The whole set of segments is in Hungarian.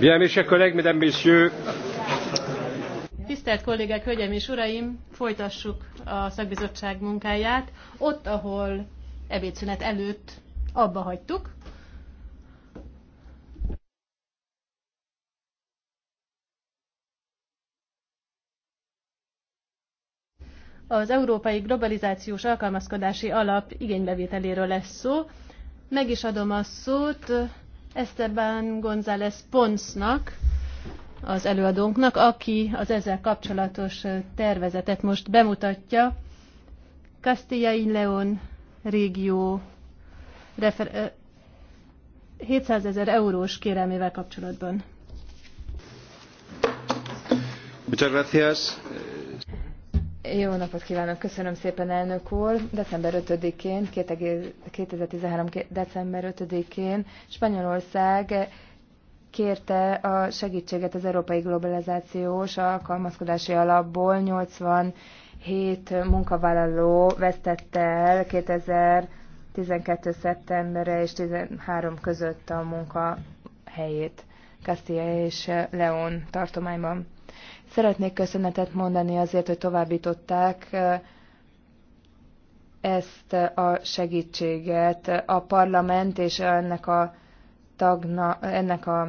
Bien, mes chers collègues, mesdames, messieurs. Tisztelt kollégák, hölgyeim és uraim, folytassuk a szakbizottság munkáját. Ott, ahol ebédszünet előtt abba hagytuk. Az Európai Globalizációs Alkalmazkodási Alap igénybevételéről lesz szó. Meg is adom a szót Esteban González Ponsnak, az előadónknak, aki az ezzel kapcsolatos tervezetet most bemutatja. Castilla y León régió 700 ezer eurós kérelmével kapcsolatban. Muchas gracias. Jó napot kívánok, köszönöm szépen elnök úr. December 5-én, 2013. december 5-én Spanyolország kérte a segítséget az Európai Globalizációs Alkalmazkodási Alapból 87 munkavállaló vesztette el 2012. szeptemberre és 13 között a munkahelyét Castilla és León tartományban. Szeretnék köszönetet mondani azért, hogy továbbították ezt a segítséget. A parlament és ennek a, tagna, ennek a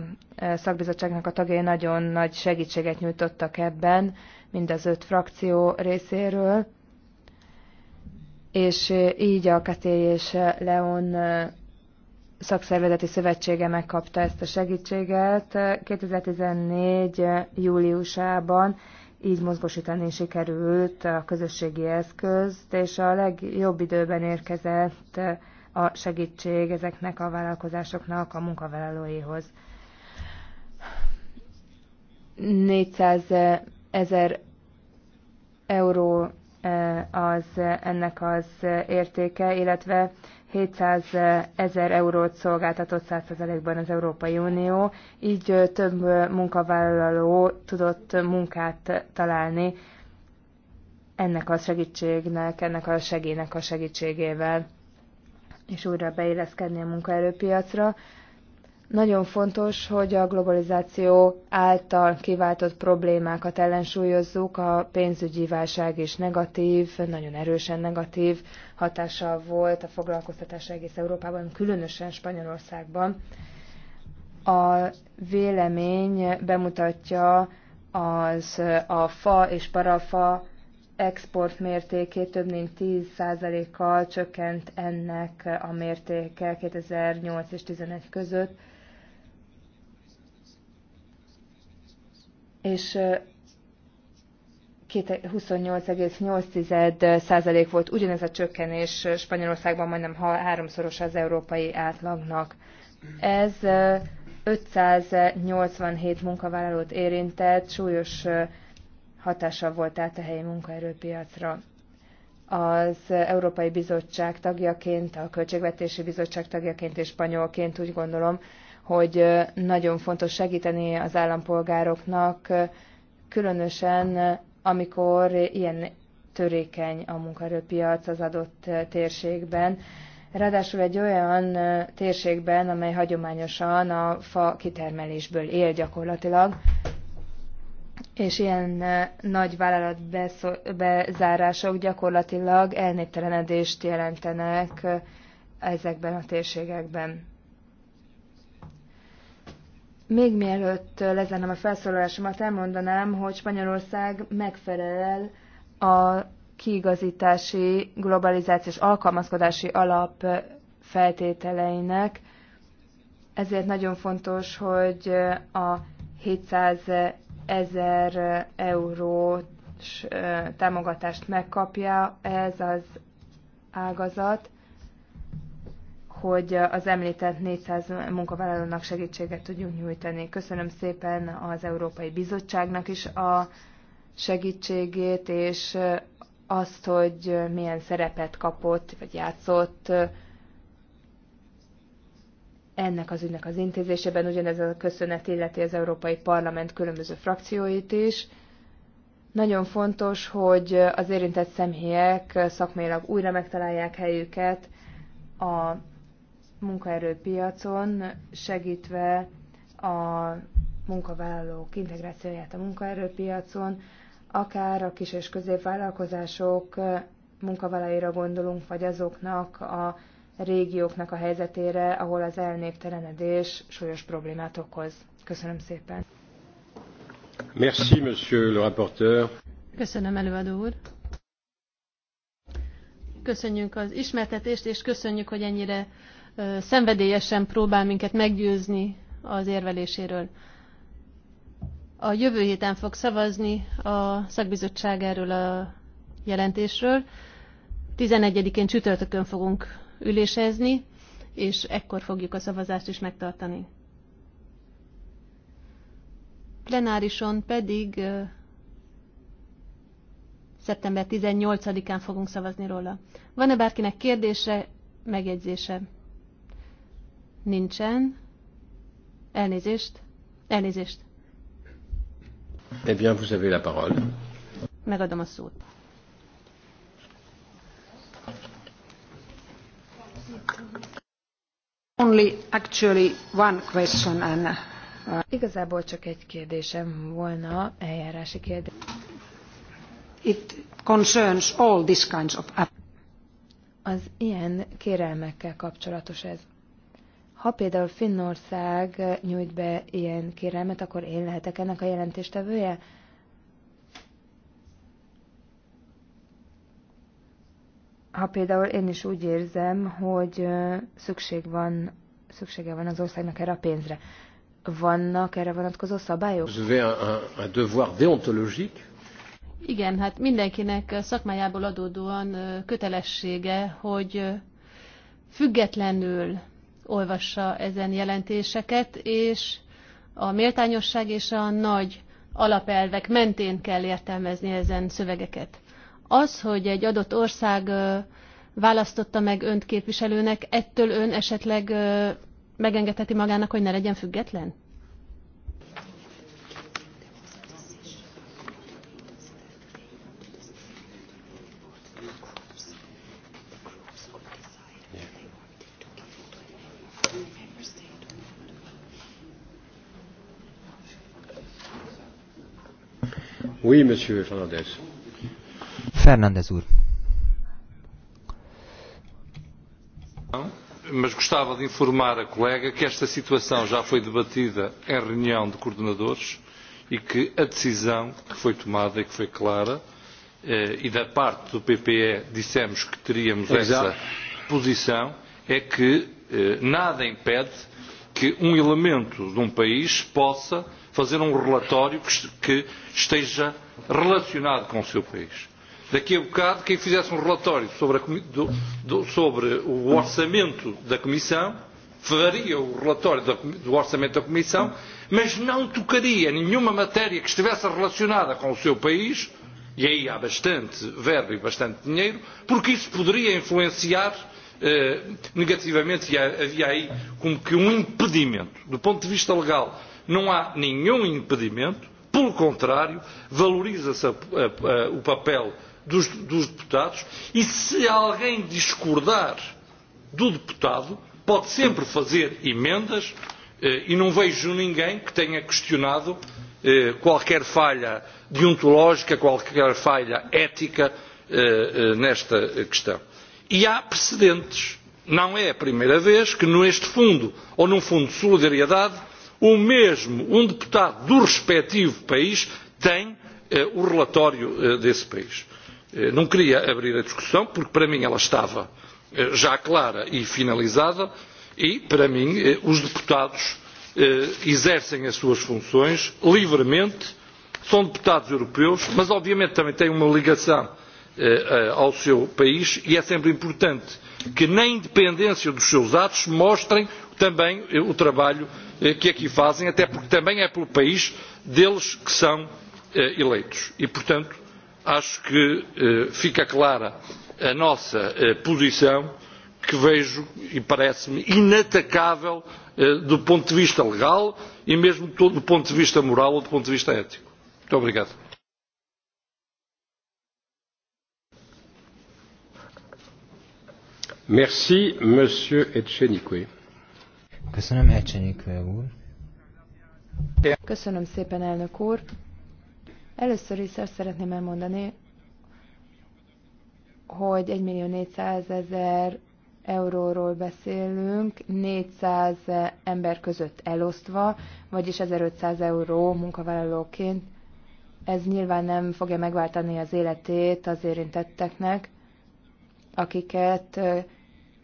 szakbizottságnak a tagjai nagyon nagy segítséget nyújtottak ebben, mind az öt frakció részéről és így a Katé és Leon szakszervezeti szövetsége megkapta ezt a segítséget 2014. júliusában, így mozgosítani sikerült a közösségi eszközt, és a legjobb időben érkezett a segítség ezeknek a vállalkozásoknak a munkavállalóihoz. 400 ezer euró eh, az ennek az értéke, illetve 700 ezer eurót szolgáltatott 100%-ban az Európai Unió, így több munkavállaló tudott munkát találni ennek a segítségnek, ennek a segélynek a segítségével, és újra beilleszkedni a munkaerőpiacra. Nagyon fontos, hogy a globalizáció által kiváltott problémákat ellensúlyozzuk, a pénzügyi válság is negatív, nagyon erősen negatív hatással volt a foglalkoztatás egész Európában, különösen Spanyolországban. A vélemény bemutatja az a fa és parafa export mértékét több mint 10%-kal csökkent ennek a mértéke 2008 és 2011 között és 28,8% volt ugyanez a csökkenés Spanyolországban, majdnem háromszoros az európai átlagnak. Ez 587 munkavállalót érintett, súlyos hatással volt át a helyi munkaerőpiacra. Az Európai Bizottság tagjaként, a Költségvetési Bizottság tagjaként és spanyolként úgy gondolom, hogy nagyon fontos segíteni az állampolgároknak, különösen amikor ilyen törékeny a munkaerőpiac az adott térségben. Ráadásul egy olyan térségben, amely hagyományosan a fa kitermelésből él gyakorlatilag, és ilyen nagy vállalat bezárások gyakorlatilag elnéptelenedést jelentenek ezekben a térségekben. Még mielőtt lezárnám a felszólalásomat, elmondanám, hogy Spanyolország megfelel a kiigazítási, globalizációs alkalmazkodási alap feltételeinek, ezért nagyon fontos, hogy a 700 ezer eurós támogatást megkapja ez az ágazat, hogy az említett 400 munkavállalónak segítséget tudjunk nyújtani. Köszönöm szépen az Európai Bizottságnak is a segítségét, és azt, hogy milyen szerepet kapott, vagy játszott ennek az ügynek az intézésében. Ugyanez a köszönet illeti az Európai Parlament különböző frakcióit is. Nagyon fontos, hogy az érintett személyek szakmailag újra megtalálják helyüket a munkaerőpiacon, segítve a munkavállalók integrációját a munkaerőpiacon, akár a kis- és középvállalkozások munkavállalóira gondolunk, vagy azoknak a régióknak a helyzetére, ahol az elnéptelenedés súlyos problémát okoz. Köszönöm szépen. Merci, monsieur le rapporteur. Köszönöm, előadó úr. Köszönjük az ismertetést, és köszönjük, hogy ennyire szenvedélyesen próbál minket meggyőzni az érveléséről. A jövő héten fog szavazni a szakbizottság erről a jelentésről. 11-én csütörtökön fogunk ülésezni, és ekkor fogjuk a szavazást is megtartani. Plenárison pedig szeptember 18-án fogunk szavazni róla. Van-e bárkinek kérdése, megjegyzése? Nincsen. Elnézést. Elnézést. Eh bien, vous avez la parole. Megadom a szót. Only actually one question and, Igazából csak egy kérdésem volna, eljárási kérdés. It concerns all these kinds of... Az ilyen kérelmekkel kapcsolatos ez. Ha például Finnország eh, nyújt be ilyen kérelmet, akkor én lehetek ennek a jelentéstevője? Ha például én is úgy érzem, hogy eh, szükség van, szüksége van az országnak erre a pénzre, vannak erre vonatkozó szabályok? Igen, hát mindenkinek szakmájából adódóan eh, kötelessége, hogy függetlenül olvassa ezen jelentéseket, és a méltányosság és a nagy alapelvek mentén kell értelmezni ezen szövegeket. Az, hogy egy adott ország választotta meg önt képviselőnek, ettől ön esetleg megengedheti magának, hogy ne legyen független? Oui, monsieur Fernandez. Fernandez úr. Mas gostava de informar a colega que esta situação já foi debatida em reunião de coordenadores e que a decisão que foi tomada e que foi clara eh, e da parte do PPE dissemos que teríamos Exato. essa posição é que eh, nada impede que um elemento de um país possa fazer um relatório que esteja relacionado com o seu país. Daqui a bocado, quem fizesse um relatório sobre, a, do, do, sobre o orçamento da Comissão, faria o relatório da, do orçamento da Comissão, mas não tocaria nenhuma matéria que estivesse relacionada com o seu país, e aí há bastante verbo e bastante dinheiro, porque isso poderia influenciar Eh, negativamente e havia aí como que um impedimento. Do ponto de vista legal, não há nenhum impedimento, pelo contrário, valoriza-se o papel dos, dos deputados e se alguém discordar do deputado, pode sempre fazer emendas eh, e não vejo ninguém que tenha questionado eh, qualquer falha deontológica, qualquer falha ética nesta questão e há precedentes não é a primeira vez que neste fundo ou num fundo de solidariedade o mesmo um deputado do respectivo país tem eh, o relatório eh, desse país. Eh, não queria abrir a discussão porque para mim ela estava eh, já clara e finalizada e para mim eh, os deputados eh, exercem as suas funções livremente, são deputados europeus, mas obviamente também têm uma ligação Eh, eh, ao seu país e é sempre importante que na independência dos seus atos mostrem também eh, o trabalho que aqui fazem, até porque também é pelo país deles que são eleitos. E, portanto, acho que fica clara a nossa posição, que vejo e parece-me inatacável do ponto de vista legal e mesmo do ponto de vista moral ou do ponto de vista ético. Muito obrigado. Merci, Monsieur Echenique. Köszönöm, Echenique úr. Köszönöm szépen, elnök úr. Először is azt szeretném elmondani, hogy 1 millió 400 ezer euróról beszélünk, 400 ember között elosztva, vagyis 1500 euró munkavállalóként. Ez nyilván nem fogja megváltani az életét az érintetteknek, akiket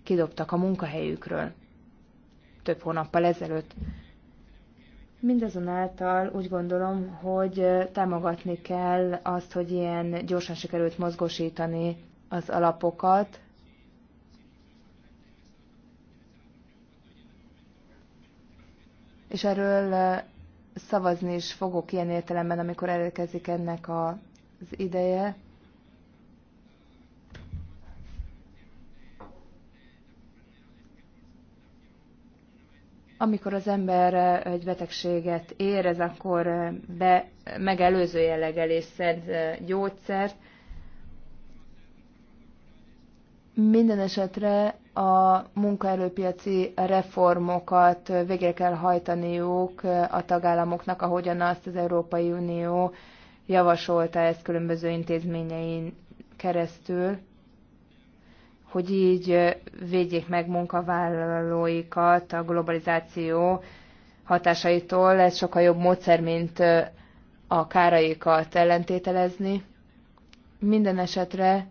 kidobtak a munkahelyükről több hónappal ezelőtt. Mindazonáltal úgy gondolom, hogy támogatni kell azt, hogy ilyen gyorsan sikerült mozgósítani az alapokat, és erről szavazni is fogok ilyen értelemben, amikor elérkezik ennek az ideje. amikor az ember egy betegséget érez, akkor be, megelőző jelleggel és szed gyógyszert. Minden esetre a munkaerőpiaci reformokat végre kell hajtaniuk a tagállamoknak, ahogyan azt az Európai Unió javasolta ezt különböző intézményein keresztül hogy így védjék meg munkavállalóikat a globalizáció hatásaitól. Ez sokkal jobb módszer, mint a káraikat ellentételezni. Minden esetre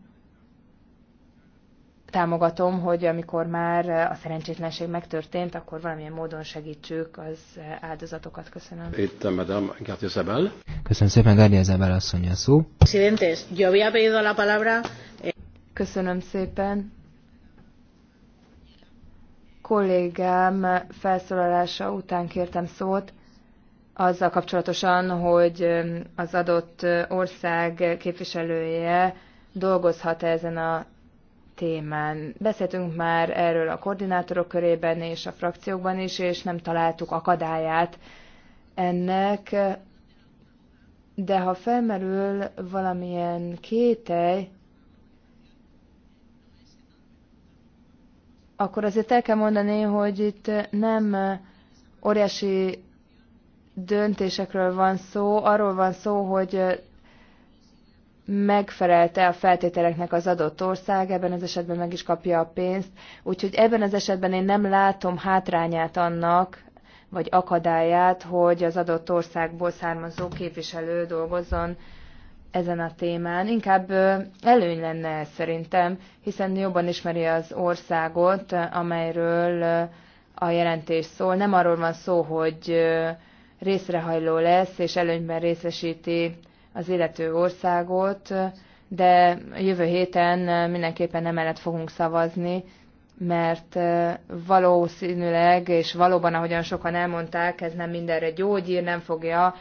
támogatom, hogy amikor már a szerencsétlenség megtörtént, akkor valamilyen módon segítsük az áldozatokat. Köszönöm. Itt, eh, Madame Gardia Zabel. Köszönöm szépen, Gardia Zabel asszony a szó. Presidentes, yo había pedido la palabra Köszönöm szépen. Kollégám felszólalása után kértem szót azzal kapcsolatosan, hogy az adott ország képviselője dolgozhat -e ezen a témán. Beszéltünk már erről a koordinátorok körében és a frakciókban is, és nem találtuk akadályát ennek, de ha felmerül valamilyen kételj, akkor azért el kell mondani, hogy itt nem óriási döntésekről van szó, arról van szó, hogy megfelelte a feltételeknek az adott ország, ebben az esetben meg is kapja a pénzt. Úgyhogy ebben az esetben én nem látom hátrányát annak, vagy akadályát, hogy az adott országból származó képviselő dolgozzon ezen a témán. Inkább előny lenne ez szerintem, hiszen jobban ismeri az országot, amelyről a jelentés szól. Nem arról van szó, hogy részrehajló lesz, és előnyben részesíti az illető országot, de jövő héten mindenképpen emellett fogunk szavazni, mert valószínűleg, és valóban, ahogyan sokan elmondták, ez nem mindenre gyógyír, nem fogja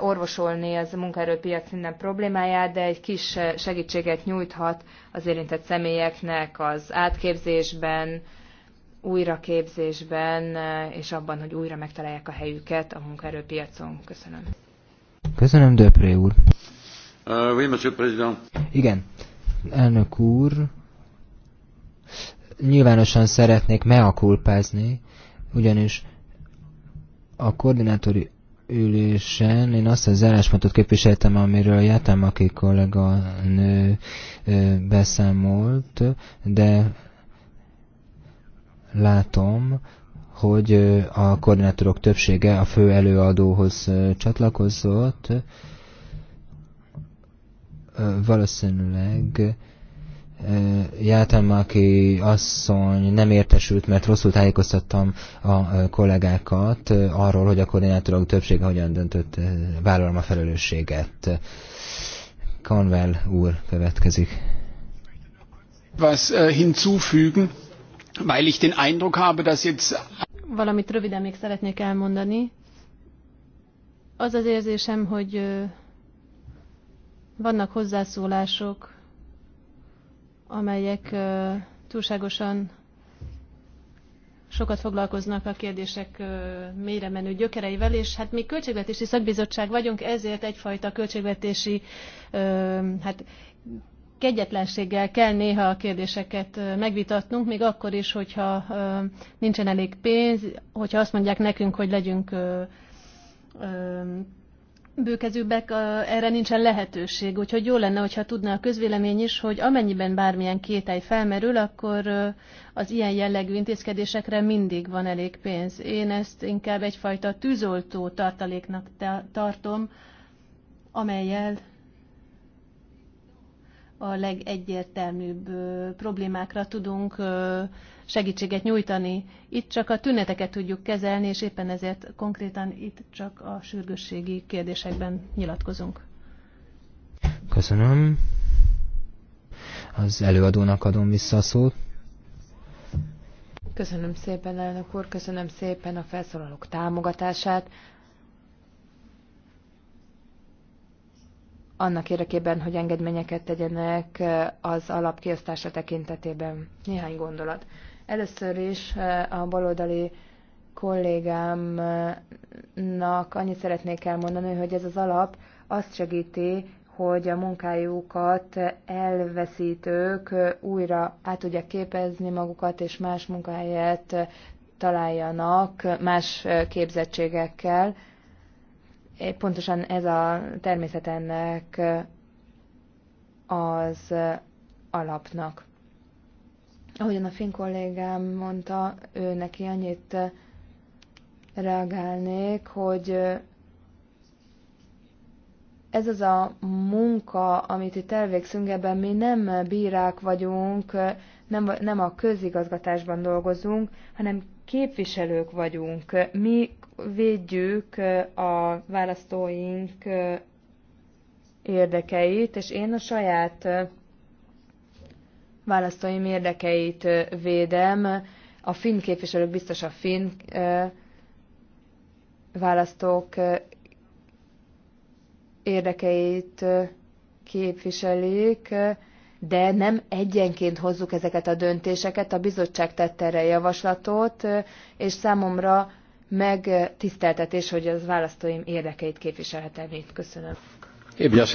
orvosolni az munkaerőpiac minden problémáját, de egy kis segítséget nyújthat az érintett személyeknek az átképzésben, újraképzésben, és abban, hogy újra megtalálják a helyüket a munkaerőpiacon. Köszönöm. Köszönöm, Döpré úr. Uh, oui, monsieur président. Igen, elnök úr, nyilvánosan szeretnék meakulpázni, ugyanis a koordinátori ülésen én azt az álláspontot képviseltem, amiről jártam, aki nő beszámolt, de látom, hogy a koordinátorok többsége a fő előadóhoz csatlakozott, valószínűleg Játamaki asszony nem értesült, mert rosszul tájékoztattam a kollégákat arról, hogy a koordinátorok többsége hogyan döntött, vállalom a felelősséget. Conwell úr következik. Was äh, hinzufügen, weil ich den Eindruck habe, dass jetzt... Valamit röviden még szeretnék elmondani. Az az érzésem, hogy vannak hozzászólások, amelyek túlságosan sokat foglalkoznak a kérdések mélyre menő gyökereivel, és hát mi költségvetési szakbizottság vagyunk, ezért egyfajta költségvetési hát, kegyetlenséggel kell néha a kérdéseket megvitatnunk, még akkor is, hogyha nincsen elég pénz, hogyha azt mondják nekünk, hogy legyünk bőkezűbbek, erre nincsen lehetőség. Úgyhogy jó lenne, hogyha tudná a közvélemény is, hogy amennyiben bármilyen kételj felmerül, akkor az ilyen jellegű intézkedésekre mindig van elég pénz. Én ezt inkább egyfajta tűzoltó tartaléknak tartom, amelyel a legegyértelműbb problémákra tudunk segítséget nyújtani. Itt csak a tüneteket tudjuk kezelni, és éppen ezért konkrétan itt csak a sürgősségi kérdésekben nyilatkozunk. Köszönöm. Az előadónak adom vissza a szót. Köszönöm szépen, elnök úr, köszönöm szépen a felszólalók támogatását. Annak érdekében, hogy engedményeket tegyenek az alapkiosztása tekintetében. Néhány gondolat. Először is eh, a baloldali kollégámnak annyit szeretnék elmondani, hogy ez az alap azt segíti, hogy a munkájukat elveszítők eh, újra át tudják képezni magukat, és más munkahelyet eh, találjanak más képzettségekkel. Pontosan ez a természet ennek az alapnak. Ahogyan a fin kollégám mondta, ő neki annyit eh, reagálnék, hogy eh, ez az a munka, amit itt elvégzünk, ebben mi nem bírák vagyunk, eh, nem, nem a közigazgatásban dolgozunk, hanem képviselők vagyunk. Mi védjük a választóink érdekeit, és én a saját választóim érdekeit védem. A finn képviselők biztos a finn választók érdekeit képviselik, de nem egyenként hozzuk ezeket a döntéseket. A bizottság tette erre javaslatot, és számomra meg tiszteltetés, hogy az választóim érdekeit képviselhetem itt. Köszönöm. Eh bien,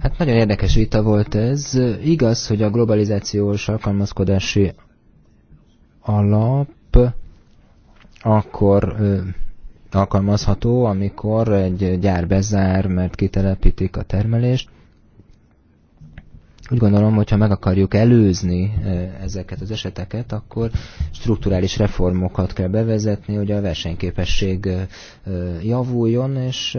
Hát nagyon érdekes vita volt ez. Igaz, hogy a globalizációs alkalmazkodási alap akkor ö, alkalmazható, amikor egy gyár bezár, mert kitelepítik a termelést, úgy gondolom, hogyha meg akarjuk előzni ezeket az eseteket, akkor strukturális reformokat kell bevezetni, hogy a versenyképesség javuljon, és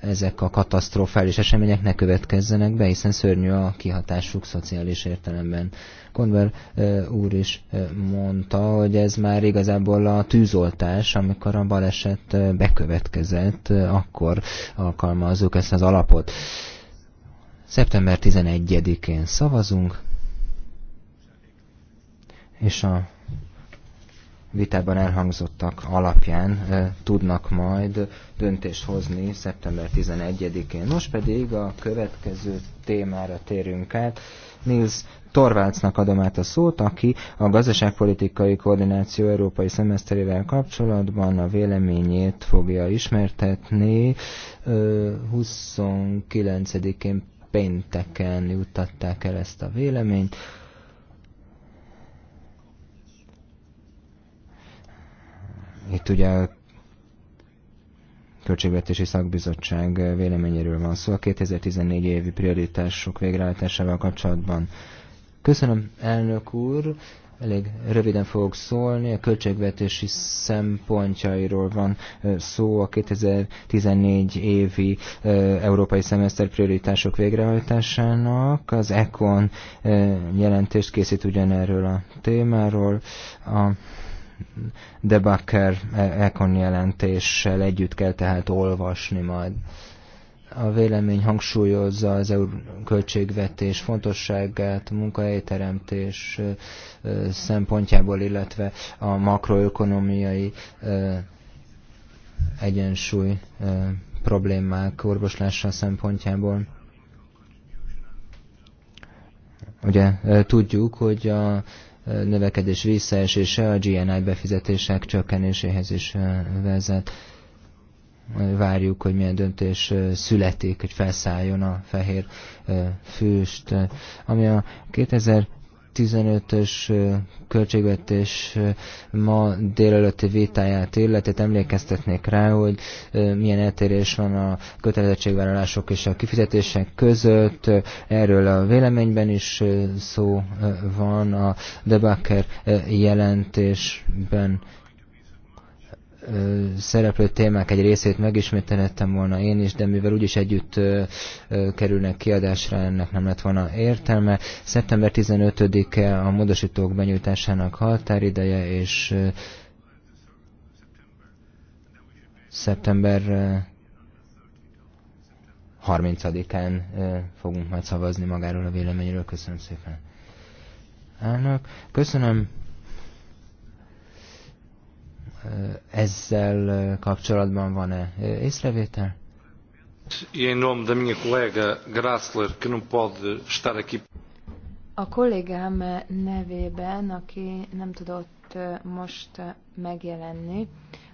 ezek a katasztrofális események ne következzenek be, hiszen szörnyű a kihatásuk szociális értelemben. Konver úr is mondta, hogy ez már igazából a tűzoltás, amikor a baleset bekövetkezett, akkor alkalmazzuk ezt az alapot. Szeptember 11-én szavazunk, és a vitában elhangzottak alapján e, tudnak majd döntést hozni szeptember 11-én. Most pedig a következő témára térünk át. Nils Torvácsnak adom át a szót, aki a gazdaságpolitikai koordináció európai szemeszterével kapcsolatban a véleményét fogja ismertetni. 29-én pénteken jutatták el ezt a véleményt. Itt ugye a Költségvetési Szakbizottság véleményéről van szó a 2014 évi prioritások végrehajtásával kapcsolatban. Köszönöm, elnök úr! Elég röviden fogok szólni, a költségvetési szempontjairól van szó a 2014 évi európai szemeszter prioritások végrehajtásának. Az ECON jelentést készít ugyanerről a témáról. A Debacker ECON jelentéssel együtt kell tehát olvasni majd. A vélemény hangsúlyozza az EU költségvetés fontosságát, munkahelyteremtés szempontjából, illetve a makroökonomiai egyensúly problémák orvoslása szempontjából. Ugye tudjuk, hogy a növekedés visszaesése a GNI befizetések csökkenéséhez is vezet várjuk, hogy milyen döntés születik, hogy felszálljon a fehér főst. Ami a 2000 15-ös költségvetés ma délelőtti vitáját illetett emlékeztetnék rá, hogy milyen eltérés van a kötelezettségvállalások és a kifizetések között. Erről a véleményben is szó van a Debaker jelentésben szereplő témák egy részét megismételettem volna én is, de mivel úgyis együtt kerülnek kiadásra, ennek nem lett volna értelme. Szeptember 15-e a módosítók benyújtásának határideje, és szeptember 30-án fogunk majd szavazni magáról a véleményről. Köszönöm szépen. Elnök, köszönöm. Ezzel kapcsolatban van-e észrevétel? E em nome minha Grassler, que não pode estar aqui. A kollégám nevében, aki nem tudott most megjelenni,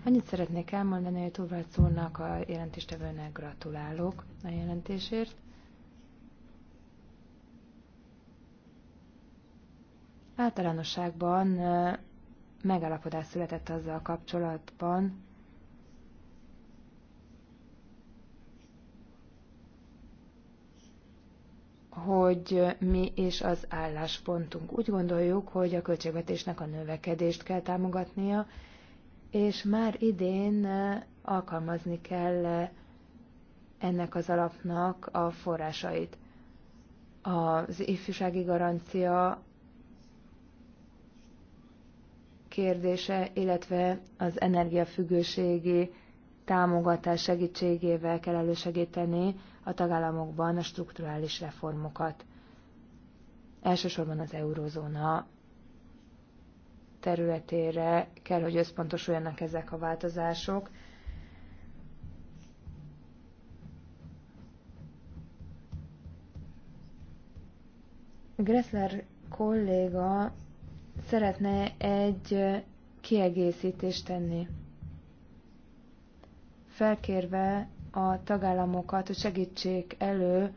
annyit szeretnék elmondani, hogy Torvalds úrnak a jelentéstevőnek gratulálok a jelentésért. Általánosságban megállapodás született azzal a kapcsolatban, hogy mi és az álláspontunk. Úgy gondoljuk, hogy a költségvetésnek a növekedést kell támogatnia, és már idén eh, alkalmazni kell eh, ennek az alapnak a forrásait. Az ifjúsági garancia kérdése, illetve az energiafüggőségi támogatás segítségével kell elősegíteni a tagállamokban a strukturális reformokat. Elsősorban az eurozóna területére kell, hogy összpontosuljanak ezek a változások. Gressler kolléga szeretne egy kiegészítést tenni, felkérve a tagállamokat, hogy segítsék elő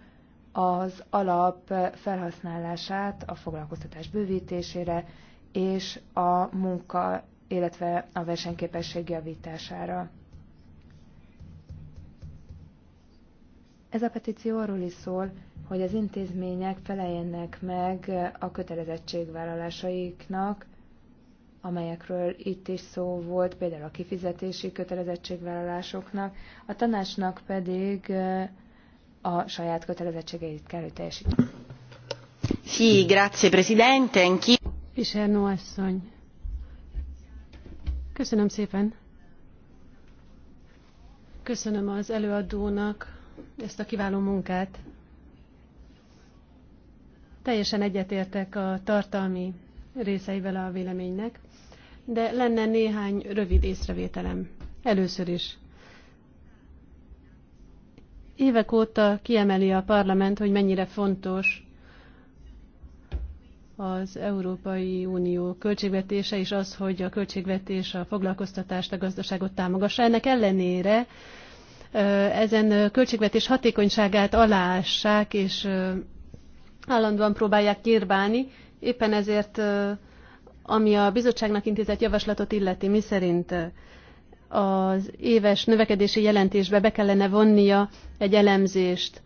az alap felhasználását a foglalkoztatás bővítésére és a munka, illetve a versenyképesség javítására. Ez a petíció arról is szól, hogy az intézmények feleljenek meg a kötelezettségvállalásaiknak, amelyekről itt is szó volt, például a kifizetési kötelezettségvállalásoknak, a tanácsnak pedig a saját kötelezettségeit kell, hogy teljesíteni. Sí, grazie, presidente. enki. Pisernó asszony. Köszönöm szépen. Köszönöm az előadónak ezt a kiváló munkát. Teljesen egyetértek a tartalmi részeivel a véleménynek, de lenne néhány rövid észrevételem. Először is. Évek óta kiemeli a parlament, hogy mennyire fontos az Európai Unió költségvetése, és az, hogy a költségvetés a foglalkoztatást, a gazdaságot támogassa. Ennek ellenére ezen költségvetés hatékonyságát aláássák, és állandóan próbálják kérbálni Éppen ezért, ami a bizottságnak intézett javaslatot illeti, mi szerint az éves növekedési jelentésbe be kellene vonnia egy elemzést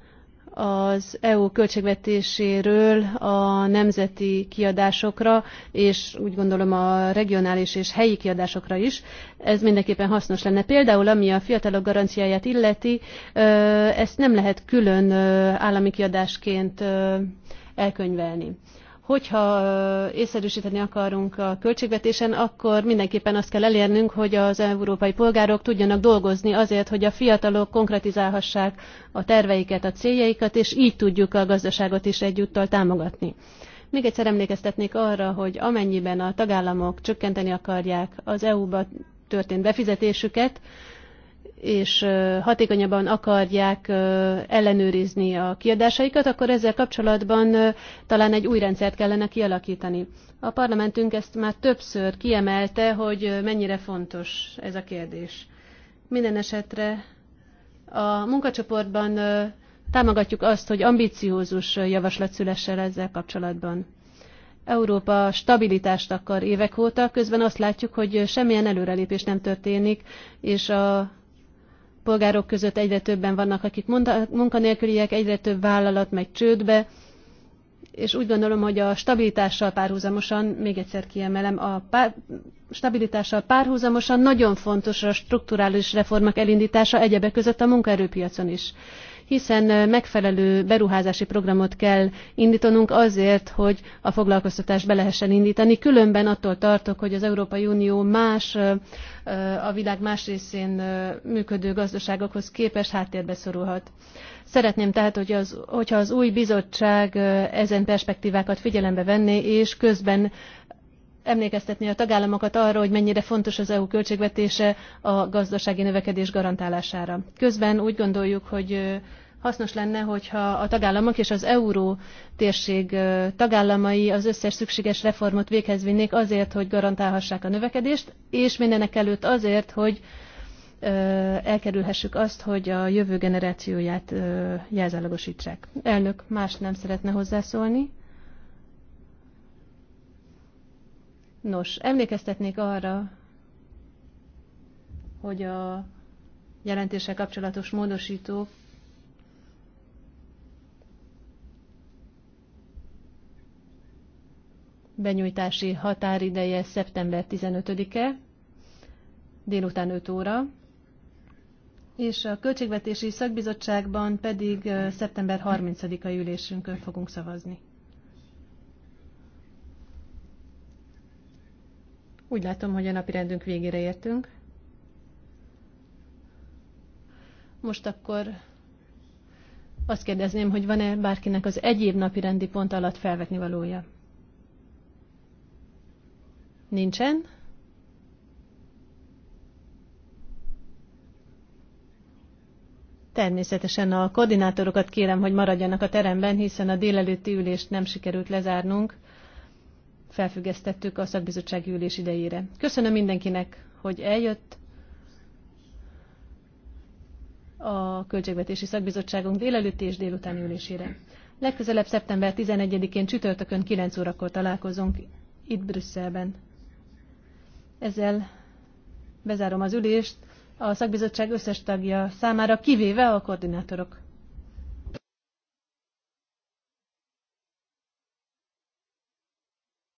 az EU költségvetéséről a nemzeti kiadásokra, és úgy gondolom a regionális és helyi kiadásokra is. Ez mindenképpen hasznos lenne. Például, ami a fiatalok garanciáját illeti, ezt nem lehet külön állami kiadásként elkönyvelni hogyha észszerűsíteni akarunk a költségvetésen, akkor mindenképpen azt kell elérnünk, hogy az európai polgárok tudjanak dolgozni azért, hogy a fiatalok konkretizálhassák a terveiket, a céljaikat, és így tudjuk a gazdaságot is egyúttal támogatni. Még egyszer emlékeztetnék arra, hogy amennyiben a tagállamok csökkenteni akarják az EU-ba történt befizetésüket, és hatékonyabban akarják ellenőrizni a kiadásaikat, akkor ezzel kapcsolatban talán egy új rendszert kellene kialakítani. A parlamentünk ezt már többször kiemelte, hogy mennyire fontos ez a kérdés. Minden esetre a munkacsoportban támogatjuk azt, hogy ambiciózus javaslat szülessel ezzel kapcsolatban. Európa stabilitást akar évek óta, közben azt látjuk, hogy semmilyen előrelépés nem történik, és a polgárok között egyre többen vannak, akik munkanélküliek, egyre több vállalat megy csődbe, és úgy gondolom, hogy a stabilitással párhuzamosan, még egyszer kiemelem, a pár, stabilitással párhuzamosan nagyon fontos a strukturális reformok elindítása egyebek között a munkaerőpiacon is hiszen megfelelő beruházási programot kell indítanunk azért, hogy a foglalkoztatást be lehessen indítani. Különben attól tartok, hogy az Európai Unió más, a világ más részén működő gazdaságokhoz képes háttérbe szorulhat. Szeretném tehát, hogy az, hogyha az új bizottság ezen perspektívákat figyelembe venné, és közben emlékeztetni a tagállamokat arra, hogy mennyire fontos az EU költségvetése a gazdasági növekedés garantálására. Közben úgy gondoljuk, hogy hasznos lenne, hogyha a tagállamok és az euró térség tagállamai az összes szükséges reformot véghez vinnék azért, hogy garantálhassák a növekedést, és mindenek előtt azért, hogy elkerülhessük azt, hogy a jövő generációját jelzálogosítsák. Elnök más nem szeretne hozzászólni. Nos, emlékeztetnék arra, hogy a jelentéssel kapcsolatos módosítók benyújtási határideje szeptember 15-e, délután 5 óra, és a Költségvetési Szakbizottságban pedig szeptember 30-a ülésünkön fogunk szavazni. Úgy látom, hogy a napi rendünk végére értünk. Most akkor azt kérdezném, hogy van-e bárkinek az egyéb napi rendi pont alatt felvetni valója? Nincsen? Természetesen a koordinátorokat kérem, hogy maradjanak a teremben, hiszen a délelőtti ülést nem sikerült lezárnunk felfüggesztettük a szakbizottsági ülés idejére. Köszönöm mindenkinek, hogy eljött a Költségvetési Szakbizottságunk délelőtt és délután ülésére. Legközelebb szeptember 11-én csütörtökön 9 órakor találkozunk itt Brüsszelben. Ezzel bezárom az ülést a szakbizottság összes tagja számára, kivéve a koordinátorok.